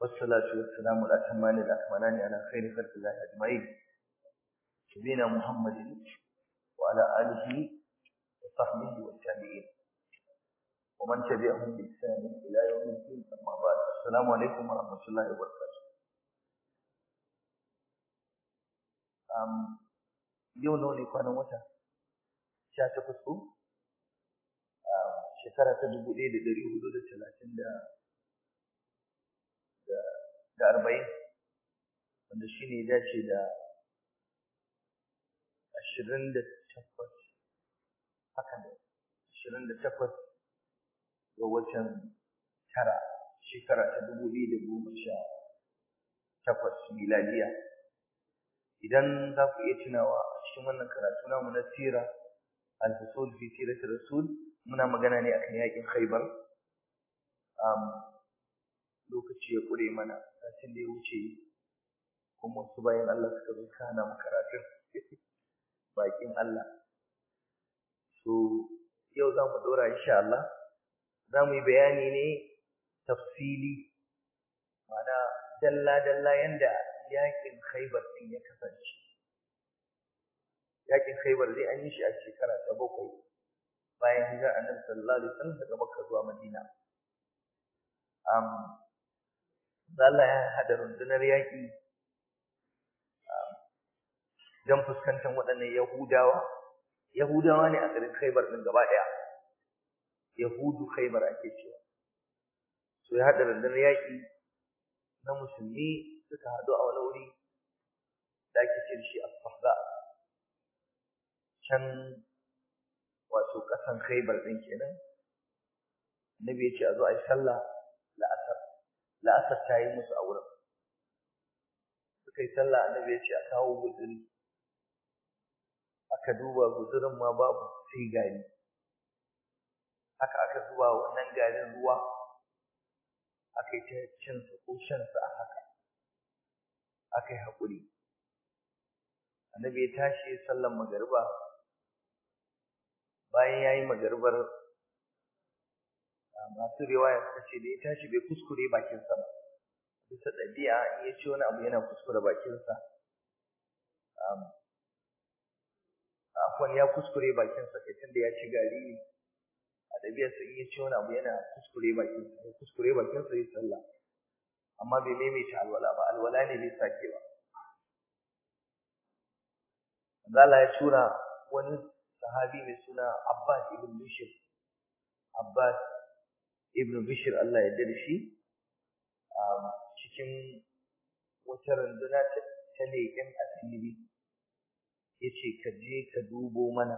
والصلاة والسلام الأتمان الأكملان على خير خلق الله أجمعين سيدنا محمد وعلى آله وصحبه والتابعين ومن تبعهم بإحسان إلى يوم الدين أما بعد السلام عليكم ورحمة الله وبركاته um, yau nawa ne kwanan wata sha takwas ko shekara ta dubu ɗaya da ɗari hudu da talatin da da arba'in wanda shi ne dace da ashirin da takwas haka ne ashirin da takwas ga watan tara shekara ta dubu biyu da goma sha takwas miladiya idan za ku iya tunawa a cikin wannan karatu namu na sira al-fusul fi sirati rasul muna magana ne akan yakin khaybar um lokaci ya kure mana satin da ya wuce kuma su bayan Allah suka zo suka hana mu karatun bakin Allah so yau za mu dora insha Allah za mu yi bayani ne tafsili mana dalla dalla yanda yakin Khaibar din ya kasance yakin Khaibar dai an yi shi a shekara ta bakwai bayan hijira Annabi sallallahu alaihi wasallam daga Makka zuwa Madina um Allah ya haɗa rundunar yaƙi um, don fuskantar waɗannan Yahudawa. Yahudawa ne a garin Khaibar ɗin gaba ɗaya. Yahudu Khaibar ake cewa. So ya haɗa rundunar yaƙi na musulmi suka haɗu a wani wuri da ake cin shi a Fahda. Can wato ƙasan Khaibar ɗin kenan. Nabi ya ce a zo a yi sallah la'asar. la'asar ta yi musu a wurin suka yi sallah annabi ya ce a kawo guduri aka duba gudurin ma babu sai gari haka aka zuba wannan garin ruwa aka yi ta cinsa ko shansa a haka aka yi haƙuri annabi ya tashi sallan magariba bayan ya yi magaribar masu riwaya suka ce da ya tashi bai kuskure bakinsa ba bisa ɗabi'a in ya ce wani abu yana kuskure bakinsa afwan ya kuskure bakinsa kai tunda ya ci gari ne a ɗabi'arsa in ya ce wani abu yana kuskure bakinsa ya kuskure bakinsa ya sallah amma bai maimaita alwala ba alwala ne bai sake ba Zala ya tura wani sahabi mai suna Abbas ibn Bishir Abbas ibn bishir Allah ya dare shi cikin wata randuna ta leƙen asiri ya ce ka je ka dubo mana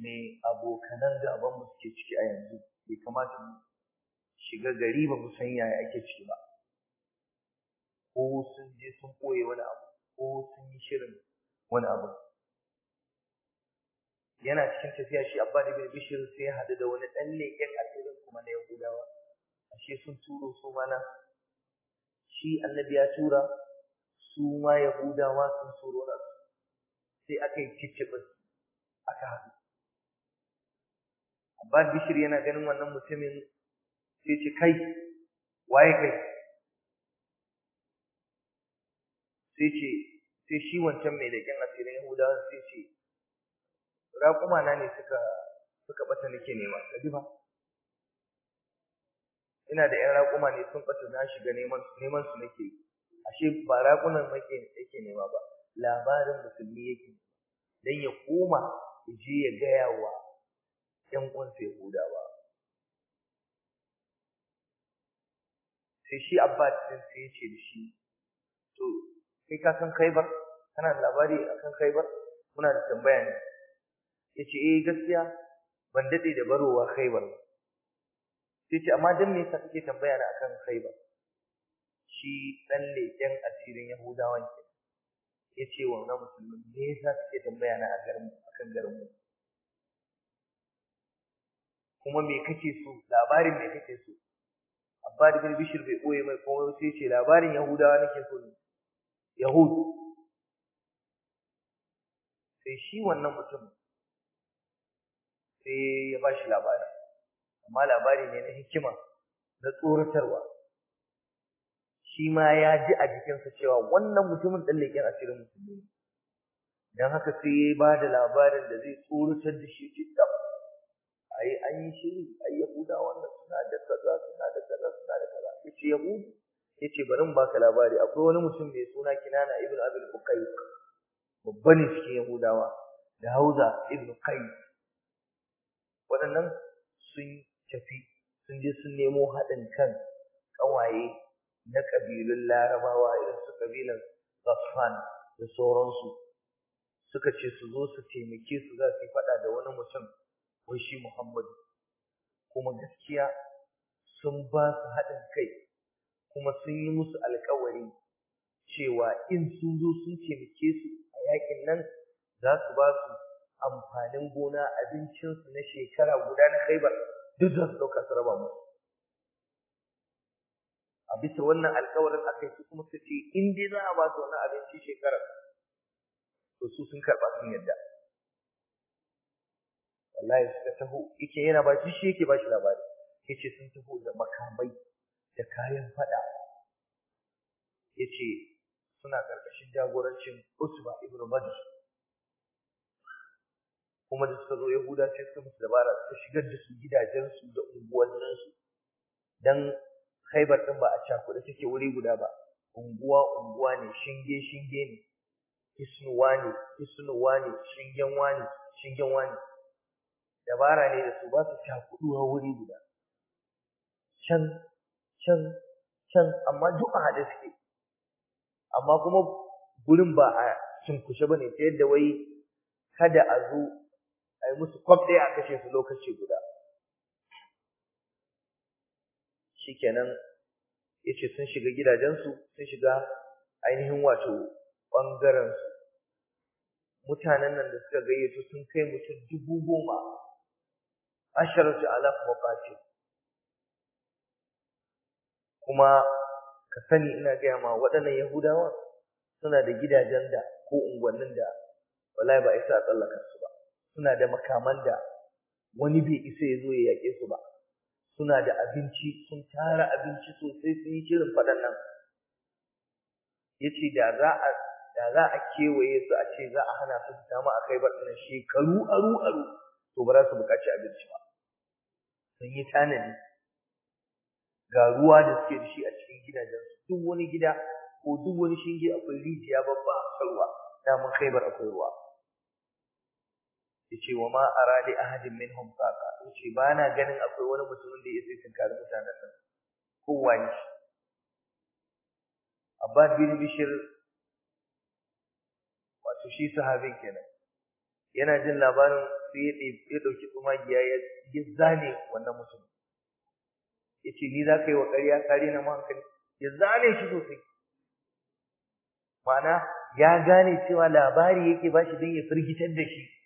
me abokanan gabanmu suke ciki a yanzu bai kamata mu shiga gari ba mu san yaya ake ciki ba ko sun je sun koye wani abu ko sun yi shirin wani abu yana cikin tafiya shi abba ibn bishir sai ya hadu da wani dan leƙen asirin kuma na yahudawa ashe sun turo su mana shi annabi ya tura su ma yahudawa sun turo na sai aka yi kicibin aka hadu abba bishir yana ganin wannan mutumin sai ce kai waye kai sai ce sai shi wancan mai leƙen asirin yahudawa sai ce raƙuma na ne suka suka bata nake nema kaji ba. ina da ƴan raƙuma ne sun bata na shiga neman neman su nake ashe ba raƙunan nake nake nema ba labarin musulmi yake dan ya koma je ya gaya wa ƴan uwansa ba sai shi Abbas din sai ya ce da shi to kai ka san kai ba kana labari akan ba muna da tambaya ne Ya ce eh gaskiya ban dade da barowa Khaibar ce, amma dan me yasa kake tambaya na akan Khaibar shi dan leken asirin Yahudawan ke ce wannan musulmin me yasa kake tambaya na akan garin mu kuma me kake so labarin me kake so da bin Bishir bai ɓoye mai kuma sai ce labarin Yahudawa nake so ne Yahud sai shi wannan mutum sai ya ba shi labari amma labari ne na hikima na tsoratarwa shi ma ya ji a jikinsa cewa wannan mutumin ɗan leƙen asirin musulmi don haka sai ya ba da labarin da zai tsoratar da shi cikin ai an yi shiri ai yahuda wannan suna da kaza suna da kaza suna da kaza Ya yace yahudu ce bari in baka labari akwai wani mutum mai suna kinana Ibn abul uqayq babban cikin yahudawa da hauza Ibn kayyuk waɗannan sun tafi sun je sun nemo haɗin kan ƙawaye na ƙabilun larabawa irin su ƙabilan Ghaffan da sauransu suka ce su zo su taimake su za su yi faɗa da wani mutum wai shi Muhammadu kuma gaskiya sun ba su haɗin kai kuma sun yi musu alƙawari cewa in sun zo sun taimake su a yaƙin nan za su ba su amfanin gona abincinsu na shekara guda na khaibar duk za su ɗauka su raba musu a bisa wannan alkawarin aka yi kuma su ce in dai za a ba su wani abinci shekarar to su sun karɓa sun yadda wallahi suka taho yake yana ba shi yake ba shi labari yace sun taho da makamai da kayan fada yace suna karkashin jagorancin Usba ibn Badr kuma da suka zo yahuda ce suka musu dabara suka shigar da su gidajensu da unguwanninsu dan haibar ɗin ba a cakuɗe take wuri guda ba unguwa unguwa ne shinge shinge ne kisnuwa ne kisnuwa ne shingen wani shingen wani dabara ne da su ba su cakuɗuwa wuri guda can can can amma duk a haɗe suke amma kuma gurin ba a cinkushe ba ne ta yadda wai kada a zo ai musu kwaf ɗaya a kashe su lokaci guda shi shikenan ce sun shiga gidajensu sun shiga ainihin wato bangaren mutanen nan da suka gayyato sun kai mutum dubu goma asharatu ala muqatil kuma ka sani ina gaya ma waɗannan yahudawa suna da gidajen da ko unguwannin da wallahi ba isa a tsallaka su ba suna da makaman da wani bai isa ya zo ya yaƙe su ba suna da abinci sun tara abinci sosai sun yi kirin faɗannan. nan ya ce da za a kewaye su a ce za a hana su fita mu a kai baɗannan shekaru aru aru to ba za su buƙaci abinci ba sun yi tanadi ga ruwa da suke da shi a cikin gida gidajen duk wani gida ko duk wani shinge akwai rijiya babba a ruwa daman khaibar akwai ruwa yace wa ma aradi ahadin minhum saqa yace ba na ganin akwai wani mutumin da yake tinkar mutanen nan kowa ne Abbas bin Bishr wato shi sahabin kenan yana jin labarin sai ya ya dauki tsumagiya ya ya zane wannan mutum yace ni za ka yi wa ƙarya kare na hankali ya zane shi sosai Mana ya gane cewa labari yake bashi don ya firgitar da shi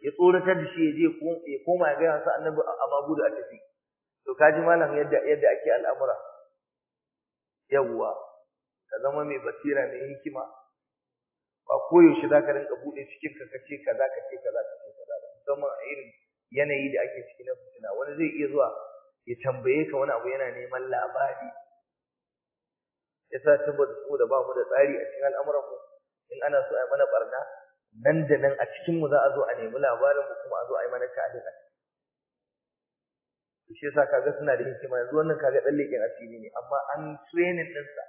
ya tsoratar da shi ya je ya koma ya gaya masa annabi a magudu a tafi to kaji malam yadda yadda ake al'amura yawwa ka zama mai basira mai hikima ba koyaushe za ka rinka buɗe cikin ka kace kaza kace kaza kace kaza ba musamman a irin yanayi da ake ciki na fitina wani zai iya zuwa ya tambaye ka wani abu yana neman labari yasa ko da ba mu da tsari a cikin al'amuran mu in ana so a mana barna nan da nan a cikin mu za a zo a nemi labarin mu kuma a zo a yi mana ta'adin a shi yasa kaga suna da hikima yanzu wannan kaga dan leken asiri ne amma an training din sa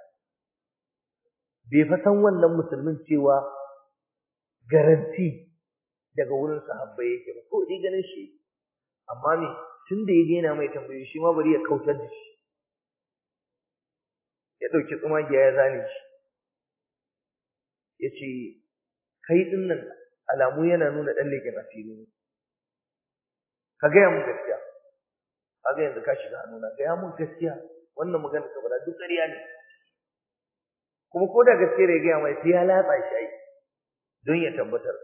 bai fa san wannan musulmin cewa garanti daga wurin sahabbai yake ba ko dai ganin shi amma ne. tun da ya daina mai tambayoyi shi ma bari ya kautar da shi ya ɗauki tsumagiya ya zane shi ya ce kai din nan alamu yana nuna dan fili ne ka gaya mun gaskiya ka ga yanzu ka shiga hannuna gaya mun gaskiya wannan magana ta bada duk ƙarya ne kuma ko da gaskiya ya gaya mai sai ya latsa shi ai don ya tabbatar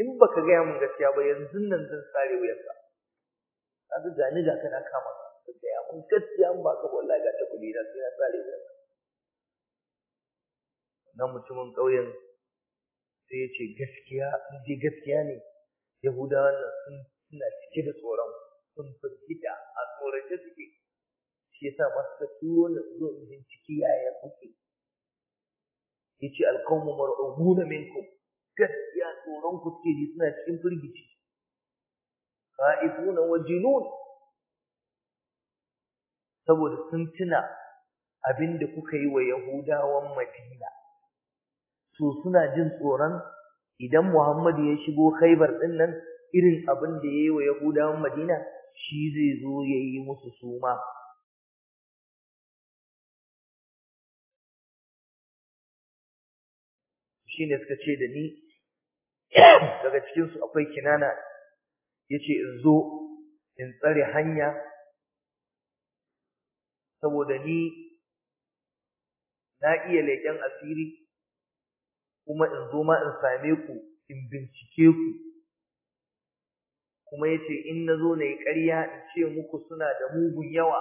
in baka gaya mun gaskiya ba yanzu nan zan sare wuyarka kaga ga ni ga kana kama ka ya mun gaskiya in baka wallahi ga ta kuɗi da sai ya sare ka nan mutumin ƙauyen sai ya ce gaskiya in dai gaskiya ne yahudawan nan sun suna cike da tsoron sun firgita a tsorace suke shi yasa masu turo na zo in binciki yaya kuke ya ce alkawmu mar'ubuna minku. gaskiya tsoron ku suke ji suna cikin firgici ka'ifuna wa jinun saboda sun tuna abin da kuka yi wa yahudawan madina to suna jin tsoron idan Muhammadu ya shigo Khaibar din nan irin abin da yayi wa Yahudawan Madina shi zai zo yayi musu suma shine suka ce da ni daga cikin su akwai kinana yace in zo in tsare hanya saboda ni na iya leken asiri kuma in zo ma in same ku in bincike ku kuma yace in nazo na yi ƙarya in ce muku suna da mugun yawa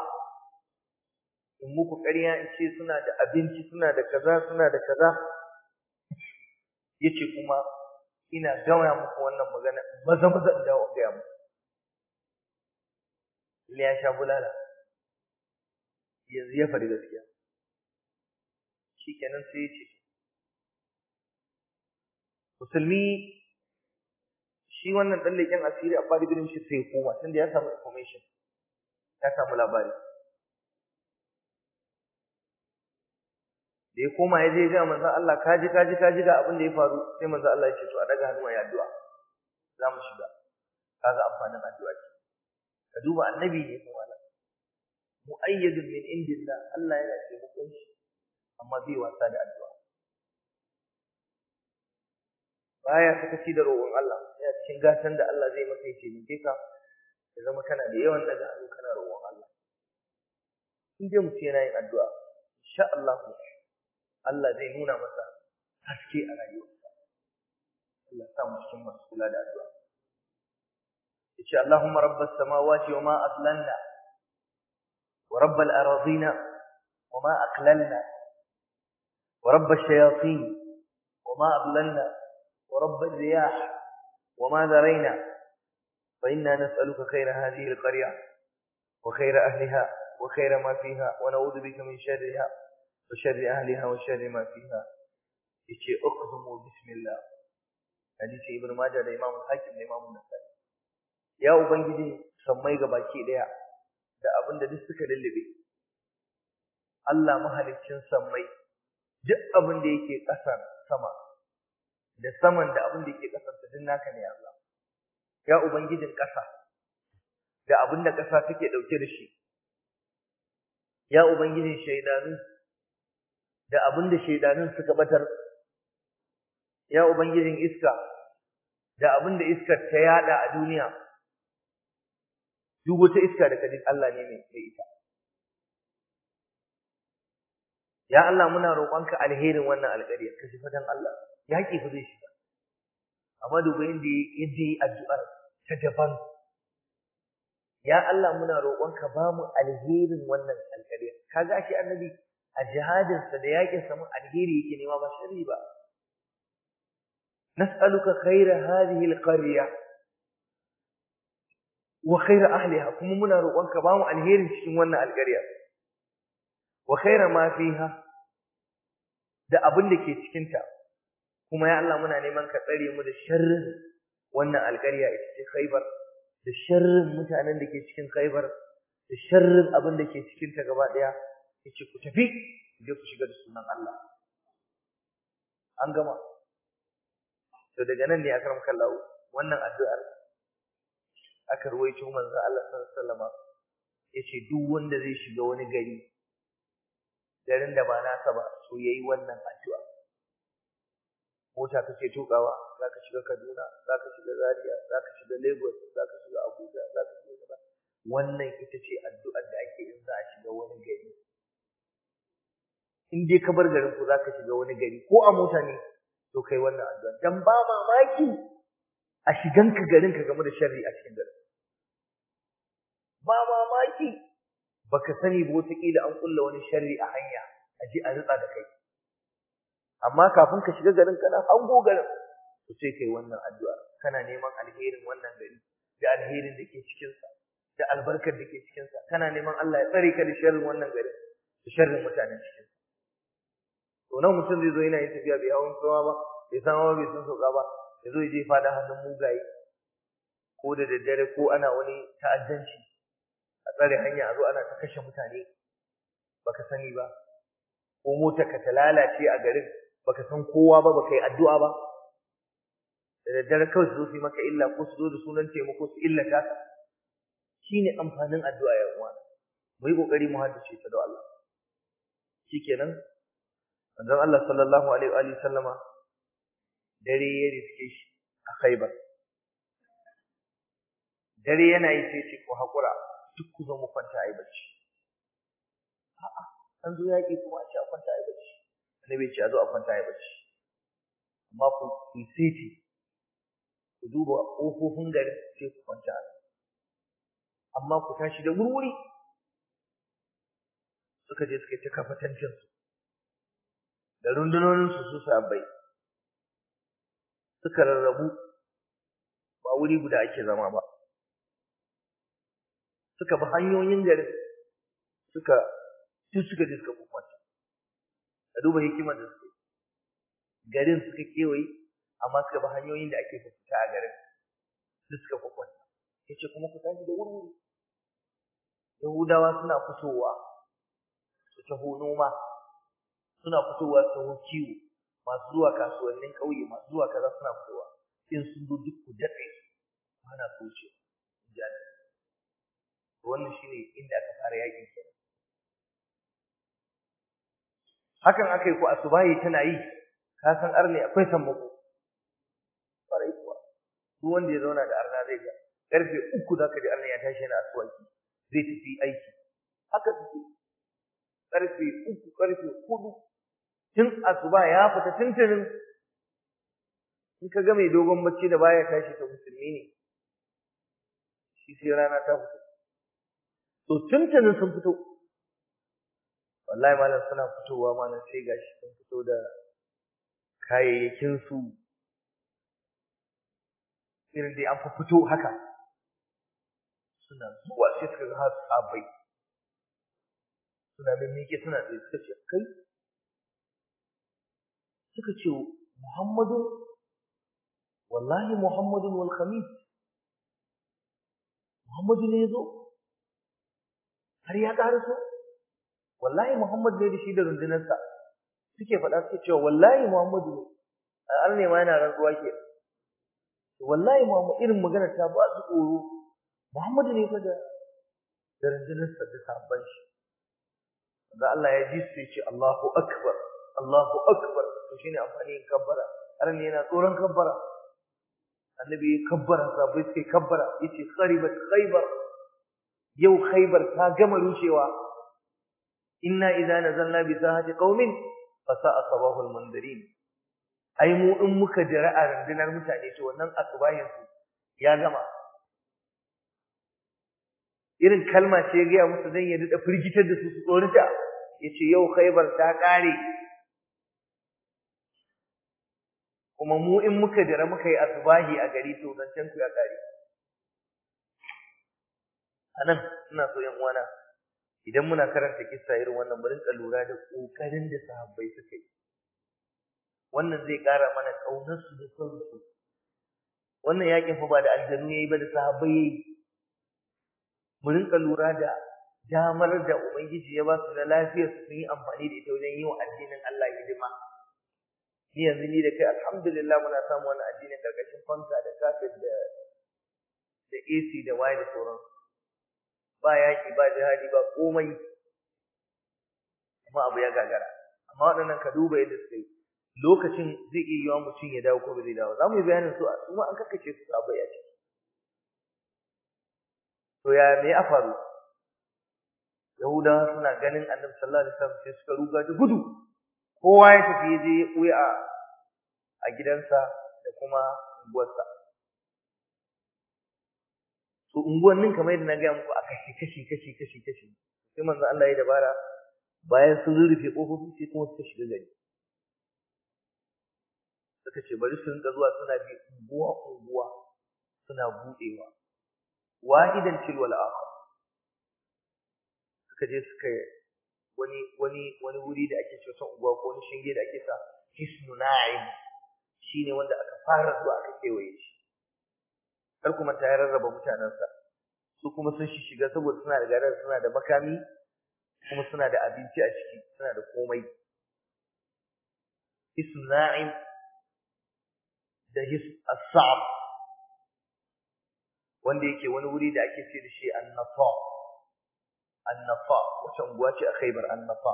in muku ƙarya in ce suna da abinci suna da kaza suna da kaza yace kuma ina gaya muku wannan magana maza maza in dawo mu muku ya shabulala yanzu ya faɗi gaskiya shikenan sai ya ce musulmi shi wannan dan leken asiri a fadi gidan shi sai koma tunda ya samu information ya samu labari da ya koma ya je ga manzo Allah kaji kaji kaji ga abin da ya faru sai manzo Allah ya ce to a daga hannuwa ya addu'a za mu shiga kaga amfanin addu'a ce ka duba annabi ne kuma Allah muayyadun min indillah Allah yana taimakon shi amma bai wasa da addu'a baya kace da roƙon Allah yana cikin gasan da Allah zai maka yake mike kika ya zama kana da yawan daga hannu kana roƙon Allah in dai mutum yana yin addu'a insha Allah Allah zai nuna masa haske a rayuwarsa Allah ya sa mu cikin masu kula da addu'a yace Allahumma rabbas samawati wa ma aslanna wa rabbal aradina wa ma aqlalna ورب الشياطين وما أضللنا ورب الرياح وما ذرينا فإنا نسألك خير هذه القرية وخير أهلها وخير ما فيها ونعوذ بك من شرها وشر أهلها وشر ما فيها إشي اقسموا بسم الله حديث ابن ماجه الإمام الحاكم الإمام النسائي يا Nasa'i ya ubangiji sammai gabaki daya da abinda duk suka lullube Allah mahaliccin sammai duk abinda yake ƙasa sama da saman da abin da yake kasanta din naka ne Allah ya ubangijin kasa da abin da kasa take dauke da shi ya ubangijin shaydanu da abin da shaydanun suka batar ya ubangijin iska da abin da iskar ta yada a duniya duk wata iska da kadin Allah ne mai ita ya Allah muna roƙonka alherin wannan alƙari ka shi fatan Allah ya ki fi zai shiga amma duba inda yadda yi addu'ar ta daban ya Allah muna roƙonka ba mu alherin wannan alƙari kaga shi annabi a jihadinsa da yaƙin sa mun alheri yake nema ba sharri ba nas'aluka khayra hadhihi alqarya wa khayra ahliha kuma muna roƙonka ba mu alherin cikin wannan alƙarya wa khaira ma fiha da abin da ke cikin ta kuma ya Allah muna neman ka tsare mu da sharrin wannan alƙarya ita ce Khaibar da sharrin mutanen da ke cikin Khaibar da sharrin abin da ke cikin ta gaba daya yace ku tafi je ku shiga da sunan Allah an gama to daga nan ne akram kallahu wannan addu'ar aka ruwaito manzo Allah sallallahu alaihi wasallam yace duk wanda zai shiga wani gari garin da ba nasa ba so yayi wannan addu'a mota kake tukawa zaka shiga Kaduna zaka shiga Zaria zaka shiga Lagos zaka shiga Abuja zaka shiga gaba wannan ita ce addu'ar da ake yin za a shiga wani gari in dai ka bar garin ku zaka shiga wani gari ko a mota ne to kai wannan addu'a dan ba mamaki a shigan ka garin ka game da sharri a cikin garin ba mamaki baka sani ba wataƙila an kulla wani sharri a hanya a ji a ritsa da kai amma kafin ka shiga garin kana hango garin to sai kai wannan addu'a kana neman alherin wannan gari da alherin da ke cikin sa da albarkar da ke cikin sa kana neman Allah ya tsare ka da sharrin wannan garin da sharrin mutanen cikin sa to nan mutum zai zo yana yin tafiya bai hawan sama ba bai san hawa bai san sauka ba ya zo ya jefa da hannun mugaye ko da daddare ko ana wani ta'addanci a tsare hanya a zo ana ta kashe mutane baka sani ba ko mota ka ta lalace a garin baka san kowa ba baka yi addu'a ba da daddare kawai su zo su yi maka illa ko su zo da sunan taimako su illata ka shine amfanin addu'a ya uwa mu yi kokari mu haddace ta da Allah shikenan manzon Allah sallallahu alaihi wa alihi sallama dare ya riske shi a Khaibar dare yana yi sai ce ku hakura duk ku zo mu kwanta a yi bacci a'a an zo yaƙi kuma a ce a kwanta a yi bacci annabi ce a zo a kwanta a yi bacci amma ku yi seti ku duba ƙofofin gari sai ku kwanta amma ku tashi da wurwuri suka je suka yi ta kafatancinsu da rundunoninsu su sabai suka rarrabu ba wuri guda ake zama ba suka bi hanyoyin garin suka duk suka ji suka kwakwata ka duba hikimar da suke garin suka kewaye amma suka bi hanyoyin da ake fita a garin duk suka kwakwata ya ce kuma ku tashi da wuri yahudawa suna fitowa su taho noma suna fitowa su taho kiwo masu zuwa kasuwannin ƙauye masu zuwa kaza suna fitowa in sun zo duk ku daɗe ana so wannan shine inda aka fara yakin kenan hakan akai ko asubahi tana yi ka san arne akwai sammako farai kuwa duk wanda ya zauna da arna zai ga karfe uku zaka ji arne ya tashi yana ki zai tafi aiki haka take karfe uku karfe hudu tun asuba ya fita tuntunin in ka ga mai dogon bacci da baya tashi ta musulmi ne shi sai rana ta fita to tuntunin sun fito wallahi malam suna fitowa malam sai gashi sun fito da kayayyakin su irin dai an fito haka suna zuwa sai suka ga har sabai suna mimmike suna tsaye suka ce kai suka ce Muhammadu wallahi Muhammadun wal khamis Muhammadu ne ya zo har ya so wallahi Muhammad ne da shi da rundunarsa suke faɗa suke cewa wallahi Muhammad ne an ne ma yana rantsuwa ke wallahi Muhammad irin magana ta ba su tsoro Muhammad ne fa da da rundunarsa da sabon shi da Allah ya ji su ce Allahu akbar Allahu akbar to shine amfani yin kabbara har ne yana tsoron kabbara annabi kabbara sabai suke kabbara yace kharibat khaybar yau khaybar ta gama rushewa inna idza nazalna bi sahati qaumin fa sa'a sabahul mundirin ai mu in muka jira a rundunar mutane to wannan asubahin su ya gama irin kalma ce ya musu zan ya da firgitar da su su tsorita yace yau khaybar ta kare kuma mu in muka jira muka yi asubahi a gari to zancen ku ya kare anan ina so yan uwana idan muna karanta kissa irin wannan mu rinka lura da kokarin da sahabbai suka yi wannan zai kara mana kaunar su da son su wannan yakin fa ba da aljannu yayi ba da sahabbai yayi mu rinka lura da damar da ubangiji ya ba su da lafiyar su yi amfani da ita wajen yi wa addinin Allah hidima ni yanzu ni da kai alhamdulillah muna samu wani addinin karkashin fanta da kafin da da AC da waye da ba yaƙi ba jihadi ba komai amma abu ya gagara amma waɗannan ka duba yadda suka yi lokacin zai iya yiwa mutum ya dawo ko ba zai dawo za mu yi bayanin su kuma an kakkace su abu ya ciki to ya me ya faru yahudawa suna ganin annabi sallallahu alaihi wasallam sai suka ruga da gudu kowa ya tafi ya je ya ɓuya a gidansa da kuma unguwarsa to unguwannin kamar yadda na gaya muku a kashi kashi kashi kashi kashi sai manzo Allah ya dabara bayan sun rufe kofofi sai kuma suka shiga gari suka ce bari su rinka zuwa suna bi unguwa unguwa suna budewa wahidan wal akhar suka je suka wani wani wani wuri da ake cewa unguwa ko wani shinge da ake sa hisnu na'im shine wanda aka fara zuwa aka kewaye shi kar kuma ta rarraba mutanensa su kuma sun shi shiga saboda suna da garar suna da makami kuma suna da abinci a ciki suna da komai isna'im da his as-sa'b wanda yake wani wuri da ake ce da shi an-nafa an-nafa wata unguwa ce a Khaybar an-nafa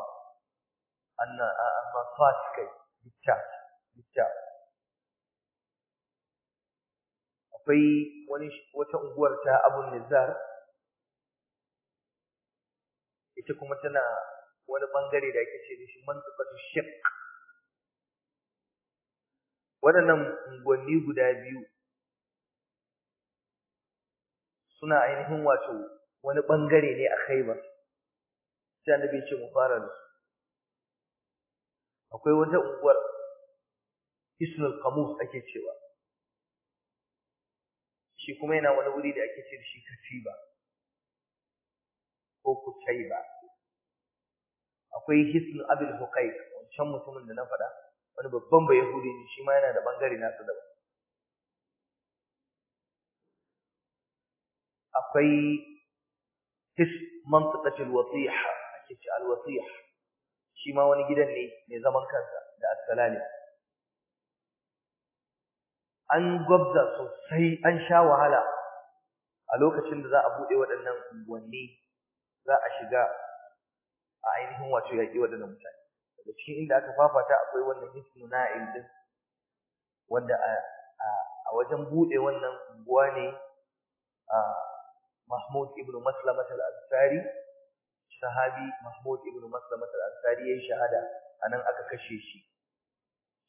an-nafat kai bitta bitta akwai wani wata unguwar ta Abu Nizar ita kuma tana wani bangare da ake ce da shi man mantiqatu shek. waɗannan unguwanni guda biyu suna ainihin wato wani bangare ne a Khaibar sai annabi ce mu fara da akwai wata unguwar Isnul Qamus ake cewa shi kuma yana wani wuri da ake ce da shi katiba ko kutaiba akwai hisn abul huqayq wancan mutumin da na faɗa wani babban ba yahudi ne shi ma yana da bangare nasa daban akwai his mantiqatul wasiha ake ce al wasiha shi ma wani gidan ne mai zaman kansa da as an gwabza sosai an sha wahala a lokacin da za a buɗe waɗannan unguwanni za a shiga a ainihin wato yaƙi waɗannan mutane daga cikin inda aka fafata akwai wannan hisnu na'il din wanda a wajen buɗe wannan unguwa ne a Mahmud ibn Maslamat al-Ansari sahabi Mahmud ibn Maslamat al-Ansari yi shahada anan aka kashe shi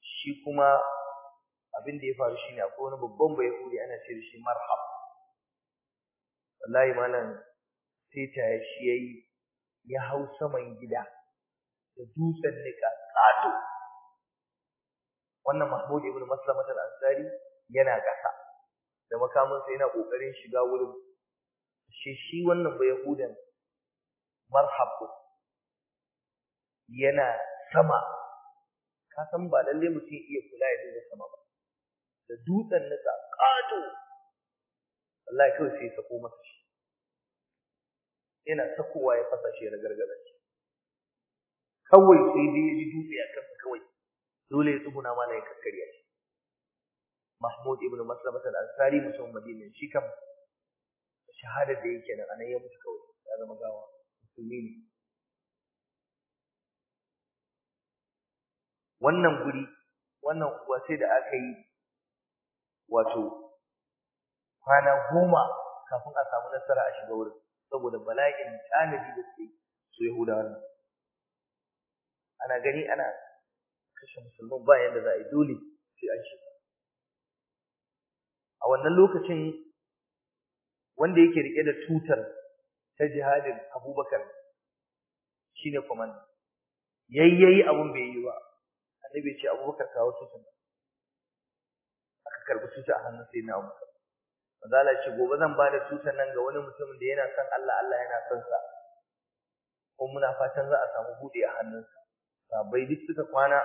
shi kuma abin da ya faru shi ne akwai wani babban bai ana ce da shi marhab wallahi malam sai ta shi yayi ya hau saman gida da dutsen nika kato wannan Mahmud ibn Maslama al-Ansari yana kasa da makamin yana kokarin shiga wurin shi shi wannan bai hudan marhab yana sama ka san ba lallai mutum iya kula ya sama ba da dutsen nasa kato wallahi kawai sai sako masa shi yana sakowa ya fasa shi ya gargada shi kawai sai dai ya ji dutse a kansa kawai dole ya tsuguna mana ya kakkarya shi Mahmud ibn Maslama al-Ansari mutum Madina shi kam shahada da yake nan anan ya mutu kawai ya zama gawa musulmi ne wannan guri wannan kuwa sai da aka yi wato kwana goma kafin a samu nasara a shiga wurin saboda bala'in tanadi da suke su yahudawa nan ana gani ana kashe musulman ba yadda za a yi dole sai an shiga a wannan lokacin wanda yake rike da tutar ta jihadin abubakar shine kwamandan yayyayi abun bai yi ba annabi ce abubakar kawo tutar karbi tuta a hannun sai na Abu Bakar manzo ce gobe zan ba da tutan nan ga wani mutumin da yana son Allah Allah yana son sa ko muna fatan za a samu buɗe a hannunsa sabai duk suka kwana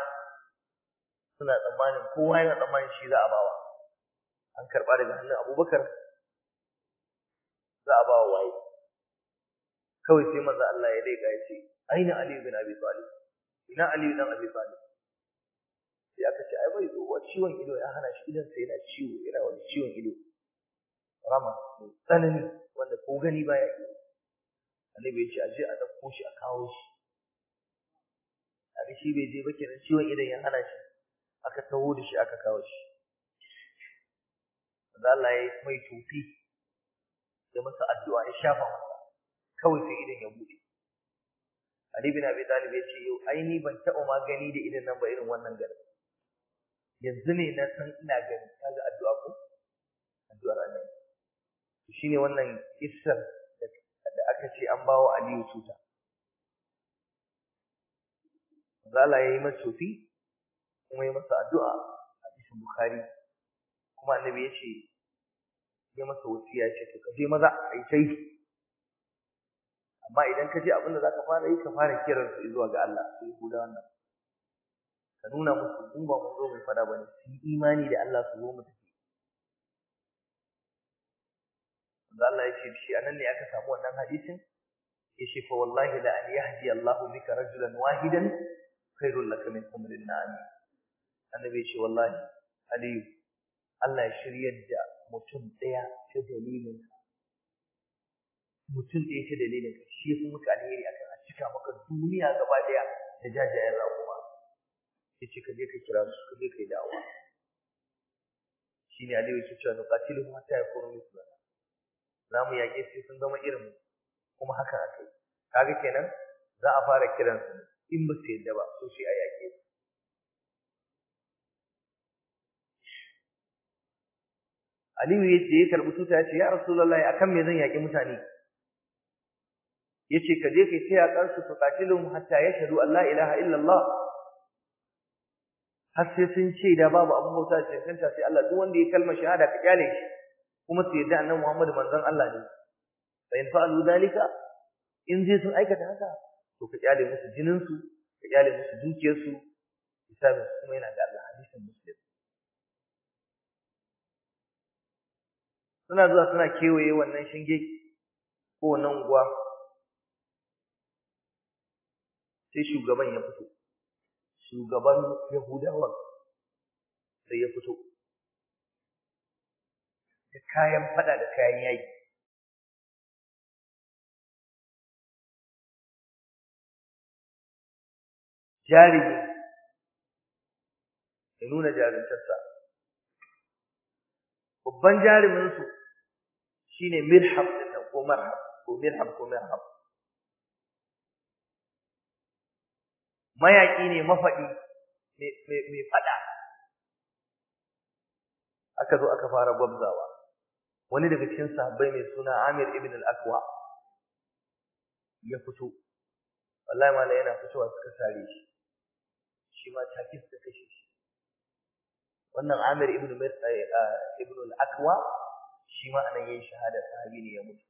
suna tsammanin kowa yana tsammanin shi za a bawa an karba daga hannun Abubakar za a bawa waye kawai sai manzo Allah ya dai ga ya ce aina Ali bin Abi Talib ina Ali dan Abi Talib ya aka ce ai bai zuwa ciwon ido ya hana shi idan sai yana ciwo yana wani ciwon ido rama tsanani wanda ko gani baya yi annabi ya ce a a dauko shi a kawo shi a ga shi bai je ba kenan ciwon idan ya hana shi aka taho da shi aka kawo shi da Allah ya mai tofi da masa addu'a ya shafa masa kawai sai idan ya bude Ali bin Abi Talib ya ce yau ai ni ban taɓa ma gani da idan nan ba irin wannan garin yanzu ne na san ina gani ga addu'a ko addu'ar annabi shine wannan kissar da aka ce an bawo Aliyu tuta zala yayi masa sufi kuma yayi masa addu'a a cikin Bukhari kuma annabi ya ce ya masa wasiya ce to kaje maza ai sai amma idan kaje abinda zaka fara yi ka fara kiran su zuwa ga Allah sai ku da wannan ka nuna musu in ba mun zo mu fada bane su yi imani da Allah su zo mu tafi da Allah ya ce shi anan ne aka samu wannan hadisin yace fa wallahi la an yahdi Allah bika rajulan wahidan khairul lak min umrin na'am annabi ya ce wallahi ali Allah ya shiryar da mutum daya ta dalilin mutum ɗaya ta dalilin shi ya fi mutane alheri akan a cika maka duniya gaba ɗaya da jajayen rawa yace ka je ka kira su ka je ka yi da'awa shine Aliyu yake cewa nuqatiluhum hatta yakunu za mu yake sai sun zama irin kuma haka akai kaga kenan za a fara kiran su in ba su yadda ba to sai a yaƙi. su Aliyu ce ya karɓi tuta ce ya a akan me zan yaƙi mutane yace ka je ka su kansu tuqatiluhum hatta ya an Allah! ilaha illallah har sai sun ce da babu abin bauta da cancanta sai Allah duk wanda ya kalmar shahada ka kyale shi kuma su yadda annabi Muhammad manzon Allah ne fa in fa'alu dalika in zai sun aikata haka to ka kyale musu jinin su ka kyale musu dukiyar su hisabin kuma yana da Allah hadisin muslim suna zuwa suna kewaye wannan shinge ko wannan unguwa sai shugaban ya fito shugaban Yahudawan sai ya fito da kayan fada da kayan yayi jarumi ya nuna jarumtarsa babban jaruminsu shine mirhab ko marhab ko mirhab ko mirhab mayaƙi ne mafaɗi mai faɗa aka zo aka fara gwabzawa wani daga cikin sahabbai mai suna Amir ibn al-Aqwa ya fito wallahi mallai yana fitowa suka sare shi shi ma takis da kashe shi wannan Amir ibn eh, eh, ibn al-Aqwa shi ma anan yayin shahada sahabi ne ya mutu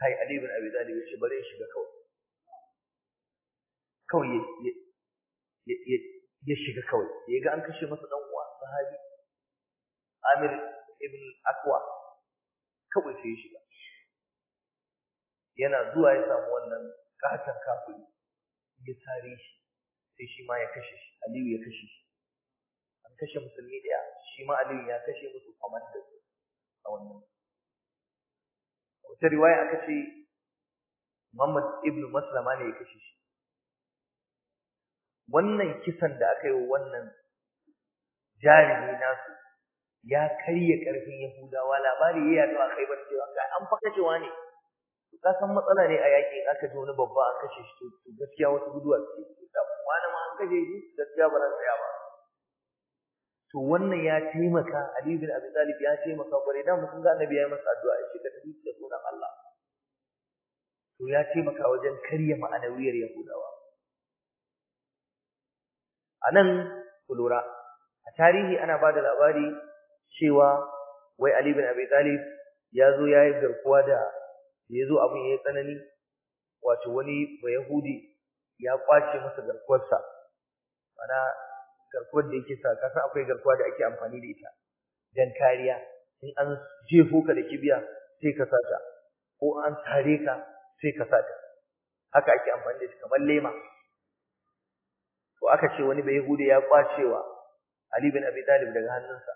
kai Ali ibn Abi Talib ya ce bare shiga kawai kawai ya shiga kawai ya ga an kashe masa dan uwa sahabi Amir ibn Akwa kawai sai ya shiga yana zuwa ya samu wannan katon kafin ya sare shi sai shi ma ya kashe shi Aliyu ya kashe shi an kashe musulmi daya shi ma Aliyu ya kashe musu komanda a wannan wata riwaya aka ce Muhammad ibn Maslama ne ya kashe shi wannan kisan da aka yi wannan jarumi nasu ya karya karfin yahudawa labari yayi yato a ba bar cewa ga an faka cewa ne ka san matsala ne a in aka ji wani babba an kashe shi to gaskiya wasu guduwa ce da wani ma an kashe shi gaskiya ba ran tsaya ba to wannan ya taimaka Ali bin Abi Talib ya taimaka kware da mun ga annabi ya yi masa addu'a ya ce tafi da sunan Allah to ya taimaka wajen karya ma'anawiyar yahudawa A nan kulura a tarihi ana ba da labari cewa wai Ali bin Abi Talib ya zo ya yi garkuwa da ya zo abin yi tsanani wato wani bayahudi ya kwace masa garkuwarsa ana garkuwar da yake sa kasan akwai garkuwa da ake amfani da ita dan kariya in an jefo ka da kibiya sai ka sata ko an tare ka sai ka sata haka ake amfani da shi kamar lema aka ce wani bai hude ya kwacewa Ali bin Abi Talib daga hannunsa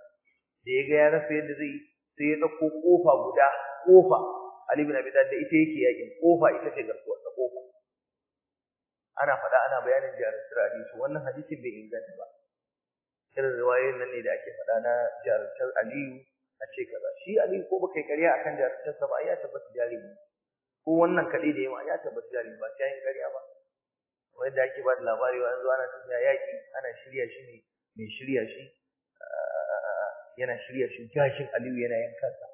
da ya ga ya rasa yadda zai sai ya dauko kofa guda kofa Ali bin Abi Talib da ita yake yakin kofa ita ce garkuwar ta kofa ana fada ana bayanin jarumtar Ali to wannan hadisin bai inganta ba irin riwayoyin nan ne da ake fada na jarumtar Aliyu a ce kaza shi Aliyu ko baka yi kariya akan jarumtar sa ba ya tabbata jarumi ko wannan kaɗai da yawa ya tabbata jarumi ba sai yin ƙarya ba wanda ake ba da labari wa yanzu ana tafiya yaƙi ana shirya shi ne mai shirya shi eh, yana shirya shi gashin Aliyu yana yankansa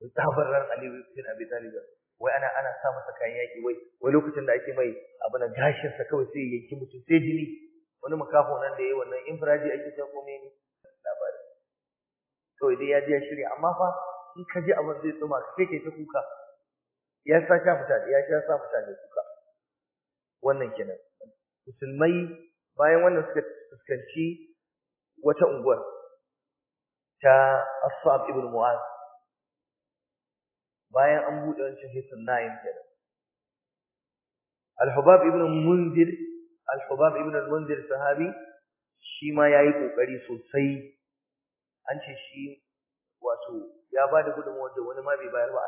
wai tsabar ran Aliyu yana Abi Talib wai ana ana sa masa kayan yaƙi wai wai lokacin da ake mai abu na gashin sa kawai sai yanki mutum sai jini wani makafo nan da yayi wannan infiraji ake cewa ko mene labari kawai dai ya je ya shirya amma fa in ka ji abin zai tsuma sai kai ta kuka ya sa ta fita ya sha sa mutane kuka wannan kenan musulmai bayan wannan suka fuskanci wata unguwar ta As-Sa'ab ibn Mu'az bayan an bude wancan hisan na'im kenan Al-Hubab ibn Munzir Al-Hubab ibn Munzir sahabi shi ma yayi kokari sosai an ce shi wato ya bada gudunmawar da wani ma bai bayar ba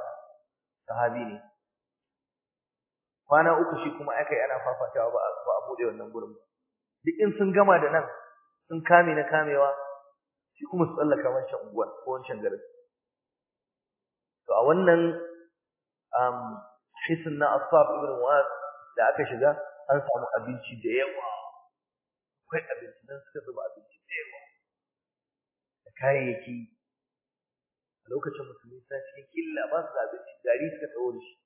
sahabi ne kwana uku shi kuma aka yi ana fafatawa ba ba a bude wannan gurin ba duk in sun gama da nan sun kame na kamewa shi kuma su tsallaka wancan unguwa ko wancan garin to a wannan um hisin na asfaf ibn wa'as da aka shiga an samu abinci da yawa akwai abinci nan suka zuba abinci da yawa da kayayyaki a lokacin musulmi suna cikin killa ba su da abinci gari suka tsawo da shi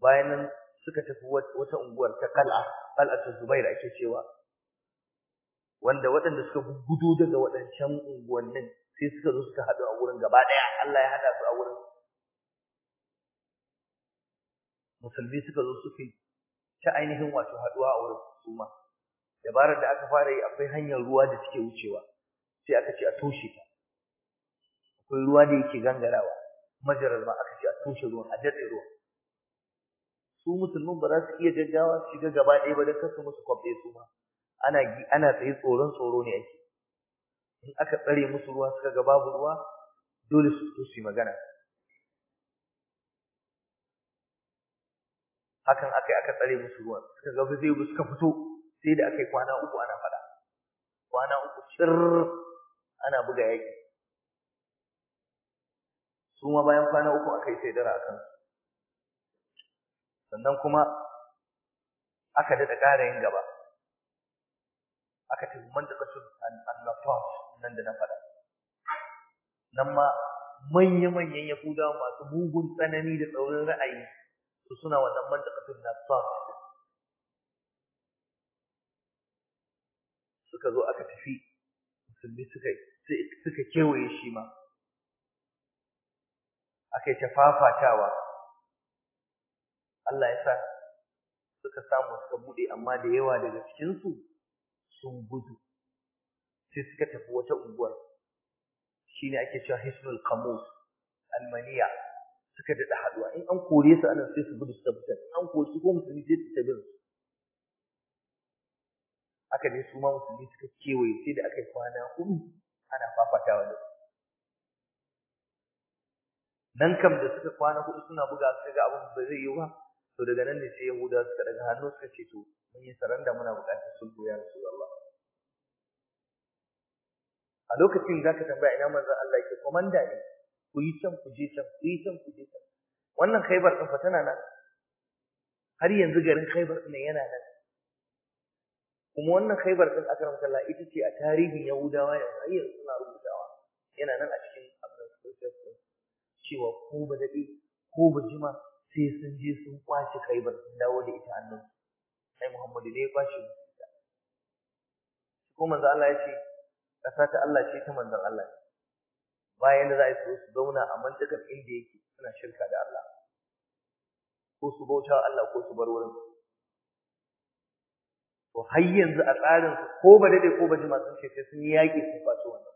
bayan nan suka tafi wata unguwar ta kal'a kal'atu zubair ake cewa wanda waɗanda suka gudu daga waɗancan unguwannin sai suka zo suka haɗu a wurin gaba ɗaya Allah ya haɗa su a wurin musulmi suka zo suka yi ta ainihin wato haɗuwa a wurin suma dabarar da aka fara yi akwai hanyar ruwa da suke wucewa sai aka ce a toshe ta akwai ruwa da yake gangarawa majarar ma aka ce a toshe ruwan a daɗe ruwan su musulmin ba za su iya jajjawa shiga gaba ɗaya ba don kasu musu kwabɗe su ma ana ana tsaye tsoron tsoro ne ake in aka tsare musu ruwa suka ga babu ruwa dole su fito su yi magana hakan aka aka tsare musu ruwa suka ga zai yi suka fito sai da aka yi kwana uku ana faɗa kwana uku shir ana buga yaƙi su ma bayan kwana uku aka yi sai dara a kansu sannan kuma aka dada ƙara yin gaba aka tafi mandakatun annafas nan da na faɗa nan ma manya-manyan ya kuda masu mugun tsanani da tsaurin ra'ayi su suna wannan na nafas suka zo aka tafi musulmi suka suka kewaye shi ma aka yi ta fafatawa Allah ya sa suka samu suka bude amma da yawa daga cikin su sun gudu sai suka tafi wata unguwar shine ake cewa hisnul qamus almaniya suka dada haduwa in an kore su anan sai su gudu su tafi in an kore su ko musulmi sai su tabbata haka ne su ma musulmi suka kewaye sai da aka yi kwana hudu ana fafatawa da su nan kam da suka kwana hudu suna buga su ga abin ba zai yi ba to daga nan ne sai yahuda suka daga hannu suka ce to mun yi saranda muna buƙatar sulhu ya rasulullah a lokacin zaka tambaya ina manzo Allah yake komanda ne ku yi can ku je can ku yi can ku je can wannan khaybar din fa tana nan har yanzu garin khaybar din yana nan kuma wannan khaybar din akram Allah ita ce a tarihin yahudawa yanzu ai yanzu suna rubutawa yana nan a cikin abin da suke cewa ko ba dade ko ba jima sai sun je sun kwace Khaibar sun dawo da ita hannunsu sai Muhammadu ne ya kwace musu ita ko manzo Allah ya ce ƙasa ta Allah ce ta manzon Allah bayan da za a yi su zauna a mantakar inda yake suna shirka da Allah ko su bauta Allah ko su bar wurin to har yanzu a tsarin su ko ba dade ko ba jima sun ce sai sun yi yaƙi sun kwace wannan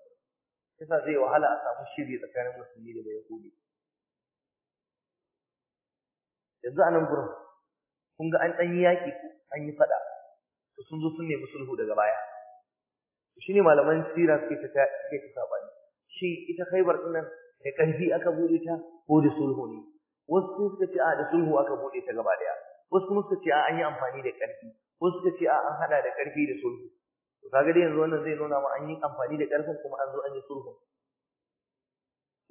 yasa zai wahala a samu shiri tsakanin musulmi da yahudi yanzu anan gurin kun ga an dan yaki an yi fada to sun zo sun nemi sulhu daga baya shine malaman sirra suke ta suke ta sabani shi ita khaybar din nan kai kanji aka bude ta ko da sulhu ne wasu suka ce a da sulhu aka bude ta gaba daya wasu suka ce a an yi amfani da karfi wasu suka ce a an hada da karfi da sulhu to kaga dai yanzu wannan zai nuna ma an yi amfani da karfin kuma an zo an yi sulhu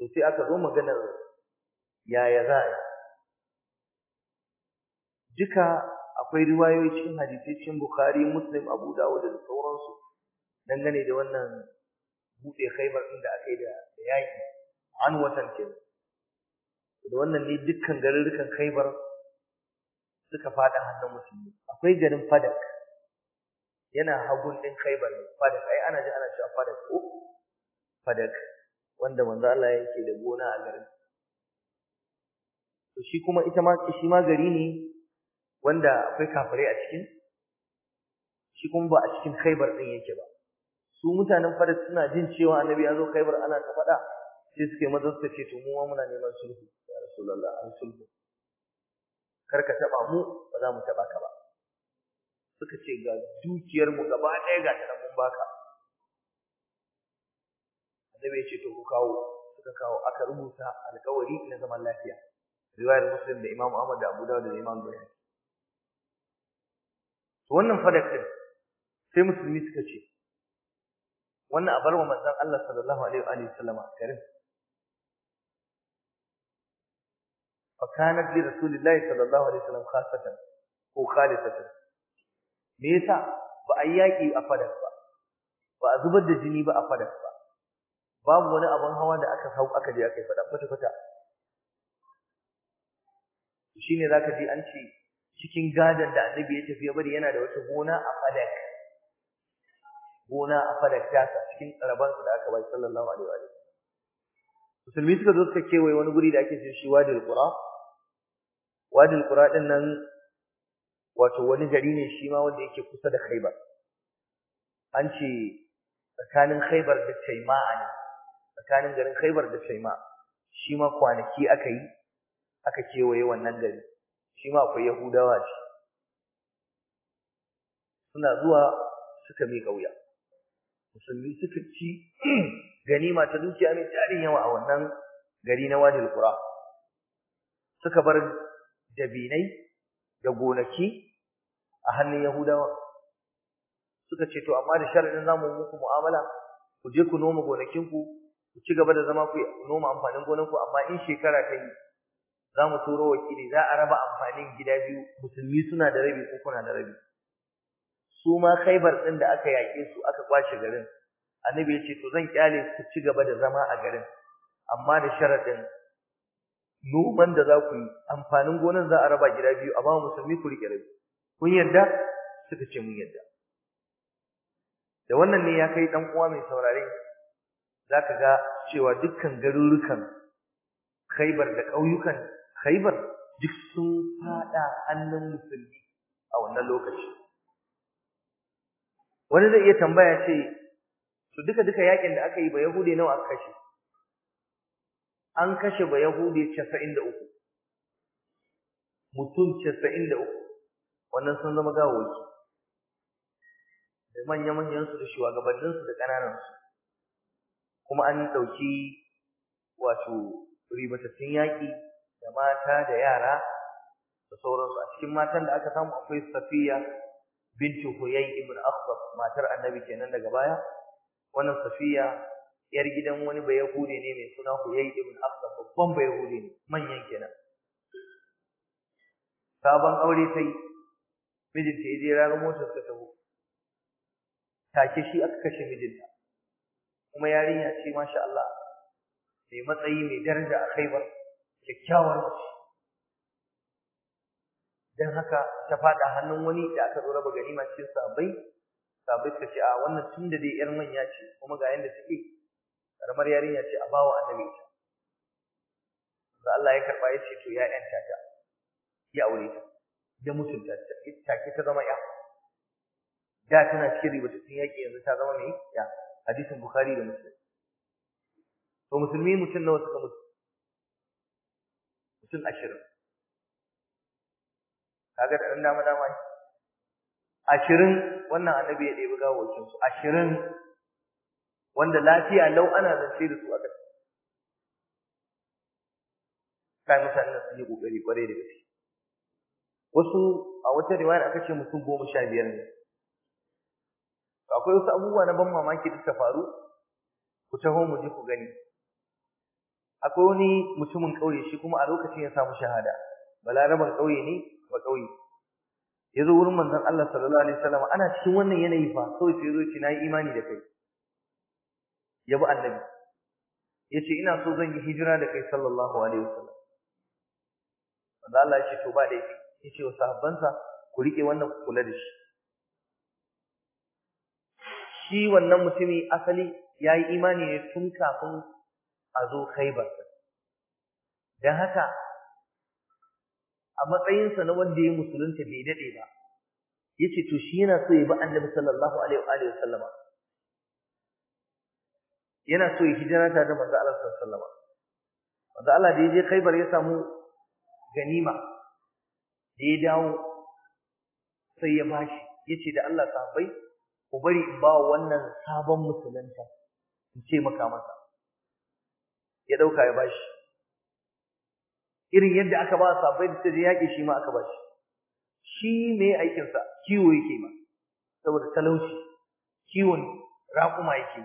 to sai aka zo maganar yaya za a yi duka akwai riwayoyi cikin hadisi cikin Bukhari Muslim Abu Dawud da sauransu dangane da wannan bude Khaybar din da aka yi da yaki an watan ke, da wannan ne dukkan garurukan Khaybar suka fada hannun musulmi akwai garin Fadak yana hagun din Khaybar Fadak ai ana ji ana cewa Fadak ko Fadak wanda manzo Allah yake da gona a garin shi kuma ita ma shi ma gari ne wanda akwai kafirai a cikin shi kuma ba a cikin Khaibar din yake ba su mutanen Faris suna jin cewa annabi ya zo Khaibar ana ta faɗa sai suke maza ce to mu ma muna neman sulhu ya Rasulullah an sulhu kar ka taba mu ba za mu taba ka ba suka ce ga dukiyar mu gaba ɗaya ga ta mun baka annabi ya ce to ku kawo suka kawo aka rubuta alƙawari na zaman lafiya riwayar Muslim da Imam Ahmad da Abu Dawud da Imam Bukhari to wannan fadak din sai musulmi suka ce wannan a barwa manzon Allah sallallahu alaihi wa alihi sallama garin fa kana bi rasulillahi sallallahu alaihi wasallam khasatan ko khalisatan me yasa ba a a fadak ba ba a zubar da jini ba a fadak ba babu wani abun hawa da aka hau aka je aka yi fadak kwata kwata shine zaka ji an ce cikin gadar da annabi ya tafi ya bari yana da wata gona a fadak gona a fadak ta cikin tsaraban da aka bai sallallahu alaihi wa sallam musulmi suka zo suka kewaye wani guri da ake cewa shi wadil qura wadil qura din nan wato wani gari ne shi ma wanda yake kusa da khaybar an ce tsakanin khaybar da taima'a ne tsakanin garin khaybar da taima'a shi ma kwanaki aka yi aka kewaye wannan gari shi ma akwai yahudawa ce suna zuwa suka mi kauya musulmi suka ci ganima ta dukiya mai tarin yawa a wannan gari na wajen kura. suka bar dabinai da gonaki a hannun yahudawa suka ce to amma da sharadin zamu muku mu'amala ku je ku noma gonakinku ku ci gaba da zama ku noma amfanin gonanku amma in shekara ta yi za mu turo wakili za a raba amfanin gida biyu musulmi suna da rabi ko kuna da rabi su ma khaibar din da aka yake su aka kwashe garin annabi ya ce to zan kyale ku ci gaba da zama a garin amma da sharadin noman da za ku yi amfanin gonan za a raba gida biyu a musulmi ku rike rabi kun yarda suka ce mun yarda da wannan ne ya kai dan uwa mai saurare zaka ga cewa dukkan garurukan khaibar da ƙauyukan Khaibar duk sun fada hannun musulmi a wannan lokaci wani zai iya tambaya ce to duka duka yakin da aka yi ba yahude nawa aka kashe an kashe ba yahude 93 mutum 93 wannan sun zama gawoki da manyan manyan su da shugabannin su da kananan su kuma an dauki wato ribatattun yaki da mata da yara da sauransu a cikin matan da aka samu akwai safiya bintu huyay ibn matar annabi kenan daga baya wannan safiya yar gidan wani bayahude ne mai suna huyay ibn akhbab babban bayahude ne manyan kenan sabon aure sai mijinta ya je ranar motar ta Ta take shi aka kashe mijinta kuma yarinya ce masha Allah mai matsayi mai daraja a Khaibar kyakkyawar mace Don haka ta fada hannun wani da aka zo raba ganima cikin sabai sabai suka ce a wannan da dai yar manya ce kuma ga yadda suke, karamar yarinya ce a bawa annabi ta da Allah ya karba ya ce to ya yanta ta ya aure ta da mutunta ta ita ke ta zama ya da tana cikin riba cikin yaki yanzu ta zama mai ya hadisin bukhari da muslim to musulmi mutum nawa suka mutu mutum ashirin kaga da ɗan dama dama ashirin wannan annabi ya ɗebi gawokin ashirin wanda lafiya lau ana zance da su a ƙasa kai mutane sun yi ƙoƙari ƙwarai da gaske wasu a wata riwayar aka ce mutum goma sha biyar ne akwai wasu abubuwa na ban mamaki duk ta faru ku taho mu je ku gani akwai wani mutumin ƙauye shi kuma a lokacin ya samu shahada Balarabar ƙauye ne ba ƙauye ya zo wurin manzon Allah sallallahu alaihi wasallam ana cikin wannan yanayi fa kawai sai zo ce na yi imani da kai ya bi annabi ya ce ina so zan yi hijira da kai sallallahu alaihi wasallam manzon Allah ya ce to ba dai ya ce wa sahabbansa ku riƙe wannan ku kula da shi shi wannan mutumi asali ya yi imani ne tun kafin a zo khaibar don haka a matsayinsa na wanda ya musulunta bai daɗe ba ya ce to shi yana so ya bi annabi sallallahu alaihi wa sallama yana so ya hijira ta da manzo Allah sallallahu alaihi manzo Allah da ya je khaibar ya samu ganima da ya dawo sai ya bashi yace da Allah sahabbai ku bari in ba wannan sabon musulunta in ce maka masa ya dauka ya bashi irin yadda aka ba sabai da je yaki shi ma aka bashi shi ne aikin sa kiwo yake ma saboda talauci kiwon raƙuma yake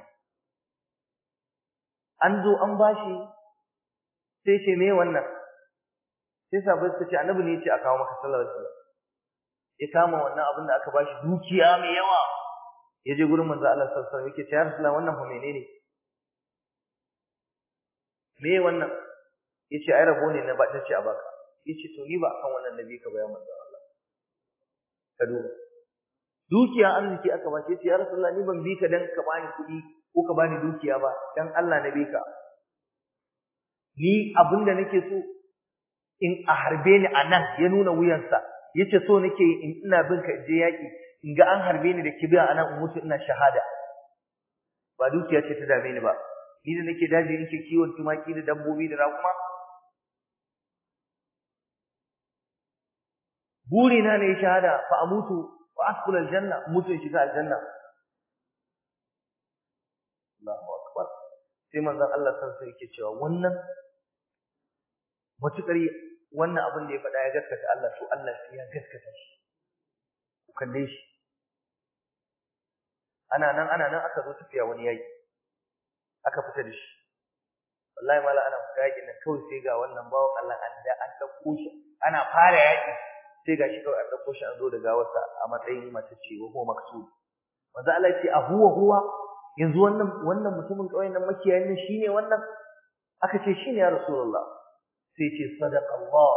an zo an bashi sai ce me wannan sai sabai suka ce annabi ne ya ce a kawo maka sallar alaihi ya kama wannan abin da aka bashi dukiya mai yawa ya je gurin manzo Allah sallallahu alaihi wasallam yake ce ya Rasulullah wannan fa menene me wannan yace ai rabo ne na ba tace a baka yace to ni ba akan wannan nabi ka bayan manzon Allah ka duba dukiya arziki aka bace yace ya rasulullah ni ban bi ka dan ka bani kuɗi ko ka bani dukiya ba dan Allah na ka ni abinda nake so in a harbe ni anan ya nuna wuyansa yace so nake in ina bin ka je yaki in ga an harbe ni da kibiya anan in mutu ina shahada ba dukiya ce ta dame ni ba ni da nake daji nake kiwon tumaki da dabbobi da raƙuma burina ne shahada fa amutu wa asqul aljanna in shiga aljanna Allahu akbar sai manzon Allah san sai yake cewa wannan matukar wannan abin da ya faɗa ya gaskata Allah to Allah sai ya gaskata shi ku kalle shi ana nan ana nan aka zo tafiya wani yayi aka fita da shi wallahi mala ana fita yaƙi nan kawai sai ga wannan bawan Allah an da an ɗauko shi ana fara yaƙi sai ga shi kawai an ɗauko shi an zo da gawarsa a matsayin mace ce ko kuma maksudi manzo Allah ya ce a huwa huwa yanzu wannan wannan mutumin ƙauyen nan makiyayin nan shine wannan aka ce shine ya rasulullah sai ce sadaqa Allah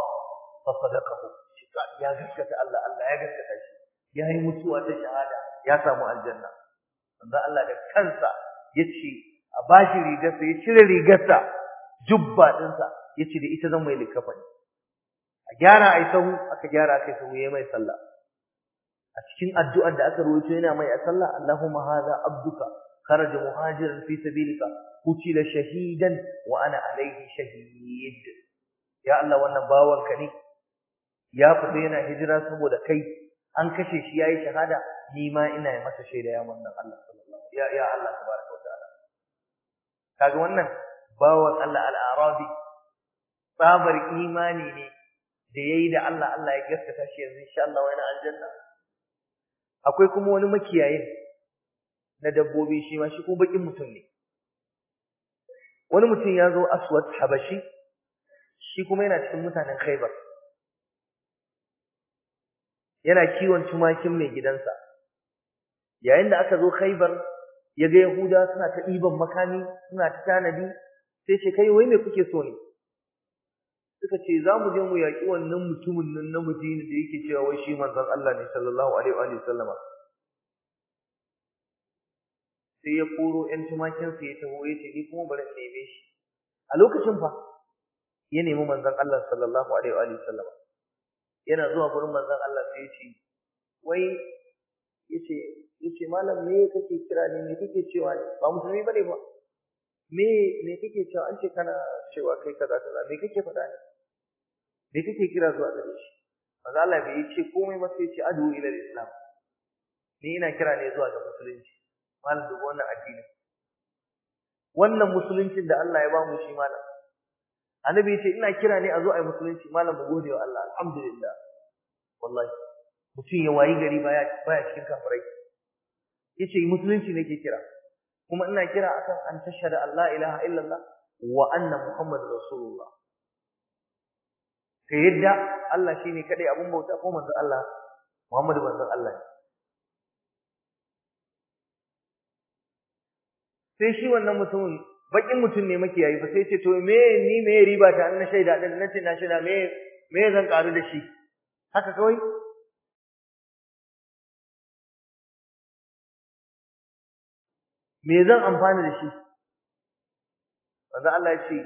fa sadaqahu ya gaskata Allah Allah ya gaskata shi ya yi mutuwa ta shahada ya samu aljanna manzo Allah da kansa ya ce. a bashi rigarsa ya cire rigarsa jubba ɗinsa ya ce da ita zan mai likafani a gyara a yi sahu aka gyara aka yi sahu ya mai sallah a cikin addu'ar da aka rubuto yana mai a sallah Allahumma hadha abduka kharaja muhajiran fi sabilika qutila shahidan wa ana alayhi shahid ya Allah wannan bawanka ne ya fita yana hijira saboda kai an kashe shi yayi shahada ni ma ina masa shaida ya wannan Allah sallallahu ya ya Allah tabaraka kaga wannan bawan Allah al-arabi tsabar imani ne da yayi da Allah Allah ya gaskata shi yanzu insha Allah wani aljanna akwai kuma wani makiyayin na dabbobi shi ma shi kuma bakin mutum ne wani mutum ya zo aswad habashi shi kuma yana cikin mutanen khaybar yana kiwon tumakin mai gidansa yayin da aka zo khaibar ya ga yahuda suna ta ɗiban makami suna ta tanadi sai ce kai wai me kuke so ne suka ce za mu je mu yaƙi wannan mutumin nan na Madina da yake cewa wai shi manzon Allah ne sallallahu alaihi wa sallama sai ya koro ɗan tumakin sa ya taho ya ce ni kuma bari in neme shi a lokacin fa ya nemi manzon Allah sallallahu alaihi wa sallama yana zuwa gurin manzon Allah sai ya ce wai yace yace malam me kake kira ni, me kake cewa ni? ba sani bane ba me me kake cewa an ce kana cewa kai kaza kaza me kake faɗa ne me kake kira zuwa gare shi manzo Allah bai ce komai ba sai ya ce adu ila islam ni ina kira ne zuwa ga musulunci malam da wannan addini wannan musuluncin da Allah ya ba mu shi malam annabi ce ina kira ne a zo a yi musulunci malam mu gode wa Allah alhamdulillah wallahi mutum ya wayi gari baya baya cikin kafirai yace musulunci nake kira kuma ina kira akan an tashhada Allah ilaha illallah wa anna muhammad rasulullah ka yadda Allah shine kadai abun bauta ko manzon Allah Muhammadu manzon Allah ne sai shi wannan mutumin bakin mutum ne makiyayi ba sai ce to me ni me riba ta an na shaida din na ce na shaida me me zan karu da shi haka kawai me zan amfana da shi manzo Allah ya ce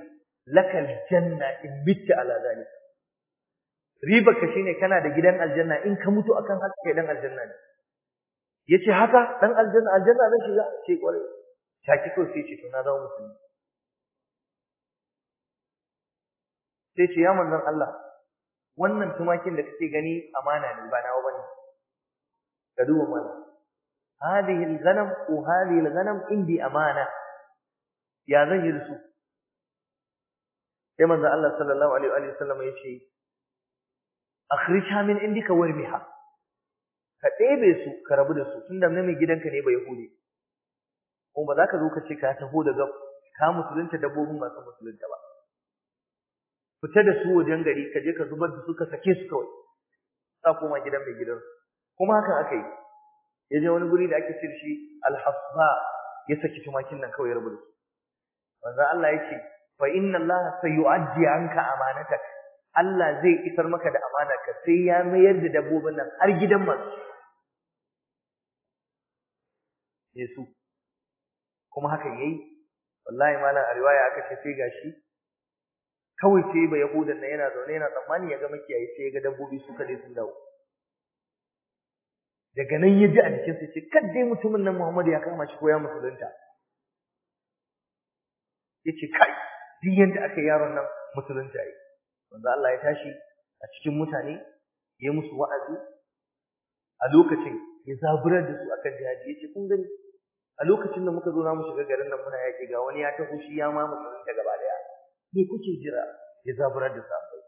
lakal janna in bitta ala zalika riba ka shine kana da gidan aljanna in ka mutu akan haka kai dan aljanna ne yace haka dan aljanna aljanna zan shiga ce kware shaki ko sai ce to na zama musulmi sai ce ya manzon Allah wannan tumakin da kake gani amana ne ba nawa bane ka duba mana هذه الغنم وهذه الغنم عندي أمانة يا ذهر سوء sai manzo Allah sallallahu alaihi wa ya ce akhrijha min indika warmiha ka ɗebe su ka rabu da su tunda mai gidanka ne bai hude ko ba za ka zo ka ce ka taho daga ka musulunta dabbobin masu musulunta ba fita da su wajen gari ka je ka zubar da suka ka sake su kawai sa koma gidan mai gidan kuma haka aka yi ya je wani guri da ake ce shi al-hasba ya saki tumakin nan kawai ya rubuta manzo Allah ya ce fa inna Allah sayu'addi anka amanata, Allah zai isar maka da ka sai ya mayar da dabbobin nan har gidan mu Yesu kuma haka yayi wallahi malam a riwaya aka ce sai gashi kawai sai ba yahudan nan yana zaune yana tsammani ya ga makiyayi sai ya ga dabbobi suka dai sun dawo daga nan ya ji a jikin sa ce kad dai mutumin nan Muhammad ya kama shi ko ya musulunta yace kai din yanda aka yaron nan musulunta yi wanda Allah ya tashi a cikin mutane ya musu wa'azi a lokacin ya zaburar da su akan jihadi yace kun gani a lokacin da muka zo na musu shiga garin nan muna yaki ga wani ya tafi shi ya ma musulunta gaba daya me kuke jira ya zaburar da su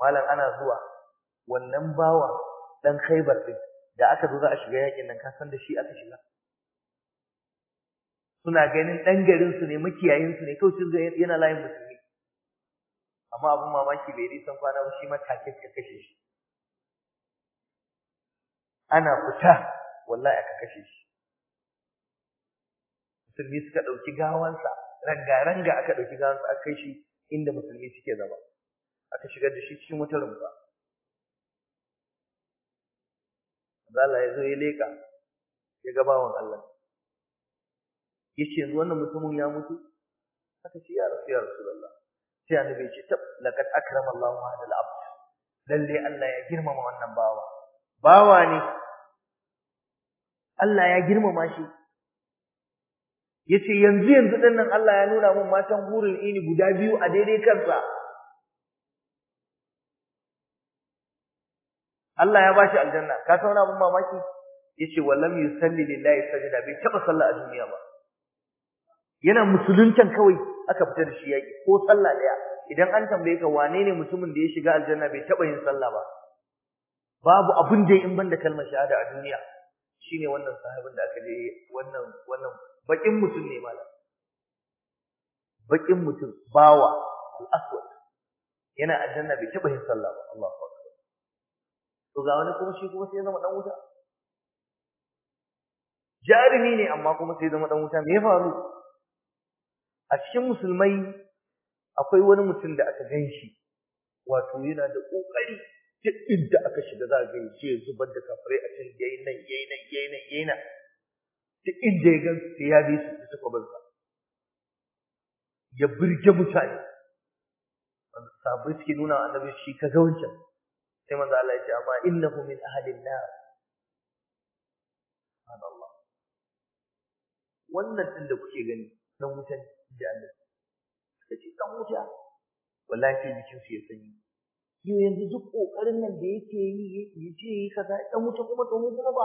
malam ana zuwa wannan bawa dan Khaibar din da aka zo za a shiga yakin nan ka san da shi aka shiga suna ganin dan garin su ne makiyayin su ne kawai shi yana layin musulmi amma abun mamaki bai yi san kwana ba shi ma take ka kashe shi ana fita wallahi aka kashe shi musulmi suka dauki gawansa ranga-ranga aka dauki gawansa aka kai shi inda musulmi suke zama aka shigar da shi cikin wutar rumfa Allah ya zo ya leka ya ga bawan Allah yace yanzu wannan mutumin ya mutu aka ce ya rasu ya Allah sai annabi ya ce tab laqad akrama Allah hada al-abd lalle Allah ya girmama wannan bawa bawa ne Allah ya girmama shi yace yanzu yanzu dinnan Allah ya nuna mun matan gurin ini guda biyu a daidai kansa Allah ya bashi aljanna ka san wani abun mamaki yace wallam yusalli lillahi sajda bai taba sallah a duniya ba yana musuluncan kawai aka fita da shi yaki ko sallah daya idan an tambaye ka wane ne mutumin da ya shiga aljanna bai taba yin sallah ba babu abun da in banda kalmar shahada a duniya shine wannan sahibin da aka je wannan wannan bakin mutum ne malam bakin mutum bawa al-aswad yana aljanna bai taba yin sallah ba Allahu akbar to ga wani kuma shi kuma sai zama dan wuta jarumi ne amma kuma sai zama dan wuta me ya faru a cikin musulmai akwai wani mutum da aka ganshi wato yana da kokari duk inda aka shiga za ga yace zubar da kafare a can yayi nan yayi nan yayi nan yayi nan duk inda ya gansu sai ya bi su da sa. ya birge mutane sabai suke nuna annabi shi ka ga wancan sai manzo Allah ya ce amma innahu min ahlin nar subhanallah wannan din da kuke gani dan wutan jahannam kace dan wuta wallahi sai jikin su ya sanyi yau yanzu duk kokarin nan da yake yi yace yi kaza dan wuta kuma to mu kuma ba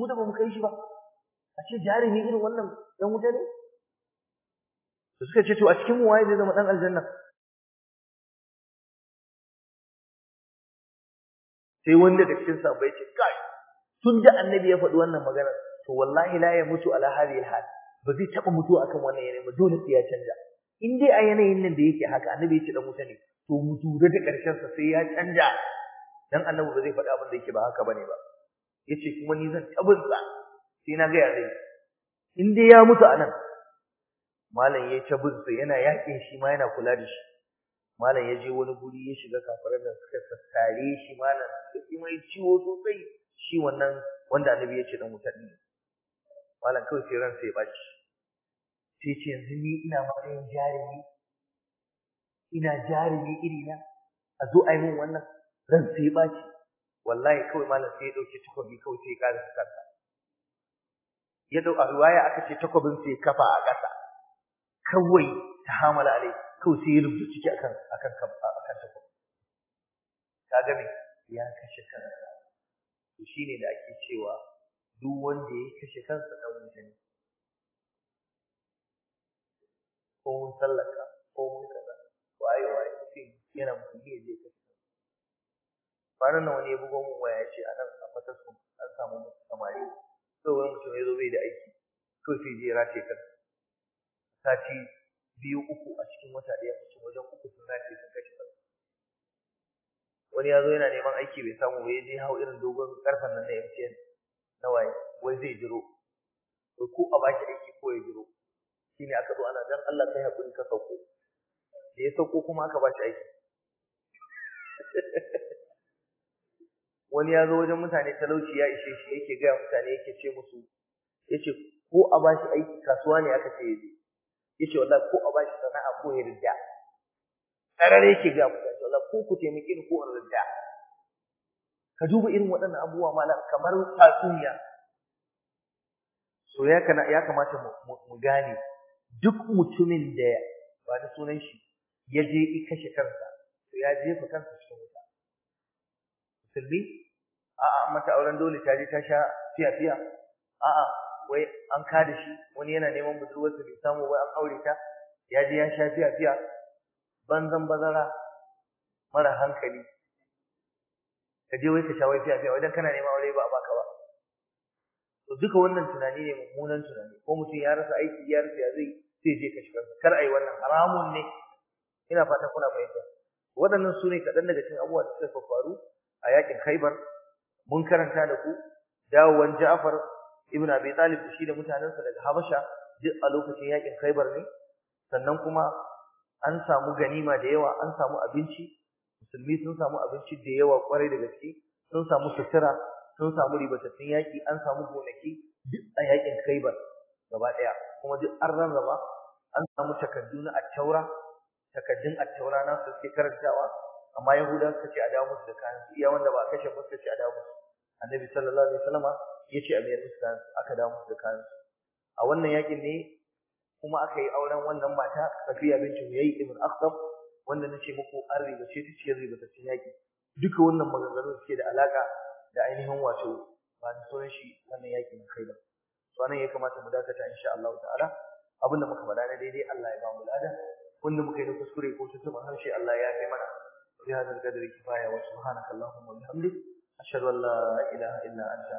mu da bamu kai shi ba a ce jarumi irin wannan dan wuta ne suka ce to a cikin mu waye zai zama dan aljanna sai wanda daga cikin bai ce kai tun da annabi ya faɗi wannan magana to wallahi la ya mutu ala hadhihi hal ba zai taba mutu akan wannan yanayi ba dole sai ya canja in dai a yanayin nan da yake haka annabi ya ce dan mutane ne to mutu da karshen sa sai ya canja dan annabi ba zai faɗi abin da yake ba haka bane ba yace kuma ni zan sa sai na ga ya in dai ya mutu anan malam yayi sa yana yakin shi ma yana kula da shi malam ya je wani guri ya shiga kafiran da suka sassare shi malam sai mai ciwo sosai shi wannan wanda annabi ya ce dan wuta ne malam kawai sai ran sai baci sai ce yanzu ni ina matsayin jarumi ina jarumi iri na a zo a yi min wannan ran sai baci wallahi kawai malam sai ya dauki takobi kawai sai ya kare su kansa ya dau a ruwaya aka ce takobin sai kafa a ƙasa kawai ta hamala alaihi kawai sai ya rubuta ciki akan akan akan tafi kaga me ya kashe kansa to shine da ake cewa duk wanda ya kashe kansa dan wuta ne ko mun sallaka ko mun kaza waye waye sai yana musulmi ya je kashe kansa kwanan nan wani ya bugo mun waya ya ce a nan a fataskun an samu musu samari to wani mutum ya zo bai da aiki to sai je ya rashe kansa sati biyu uku a cikin wata ɗaya mutum wajen uku sun rage sun kashe kansu wani ya zo yana neman aiki bai samu ba ya je hau irin dogon karfen nan na MTN na waye wai zai jiro to ko a baki aiki ko ya jiro shine aka zo ana dan Allah kai hakuri ka sauko da ya sauko kuma aka bashi aiki wani ya zo wajen mutane talauci ya ishe shi yake gaya mutane yake ce musu yace ko a bashi aiki kasuwa ne aka ce je yace wallahi ko a bashi sana'a ko ya rida sarare yake ga ku yace wallahi ko ku taimake ni ko in rida ka duba irin waɗannan abubuwa malam kamar tatsuniya so ya kana ya kamata mu gane duk mutumin da ba da sunan shi ya je i kashe kansa to ya fa kansa cikin wuta musulmi a'a mata auren dole ta je ta sha fiya fiya a'a wai an ka da shi wani yana neman budurwarsa bai samu wai an aure ta ya je ya sha fiya fiya banzan bazara mara hankali ka je wai ka sha wai fiya wai dan kana neman aure ba a baka ba to duka wannan tunani ne mummunan tunani ko mutum ya rasa aiki ya rasa ya zai sai je ka shiga kar ai wannan haramun ne ina fatan kuna fahimta waɗannan su ne kaɗan daga cikin abubuwa da suka faru a yakin Khaibar mun karanta da ku dawowan Ja'far ibn abi talib shi da mutanansa daga habasha duk a lokacin yakin khaybar ne sannan kuma an samu ganima da yawa an samu abinci musulmi sun samu abinci da yawa kwarai da gaske sun samu sutura sun samu ribatattun yaki an samu gonaki duk a yakin khaybar gaba daya kuma duk an rarraba an samu takaddun na at-taura takaddun at-taura na su ke karantawa amma yahudawa suka ce a dawo musu da kayan iya wanda ba kashe musu ce a dawo musu annabi sallallahu alaihi wasallama yace a mayar da aka dawo musu da kayan a wannan yakin ne kuma aka yi auren wannan mata Safiya binti Huyay ibn Akhtab wanda nace muku an riba ce ta riba ta yaki duka wannan maganganun suke da alaka da ainihin wato ba ni sunan shi wannan yakin kai to anan ya kamata mu dakata insha Allah ta'ala abinda muka faɗa na daidai Allah ya ba mu lada wanda muka yi da kuskure ko tuntuɓar harshe Allah ya kai mana bi hadal kifaya wa subhanaka allahumma wa bihamdik ashhadu an la ilaha illa anta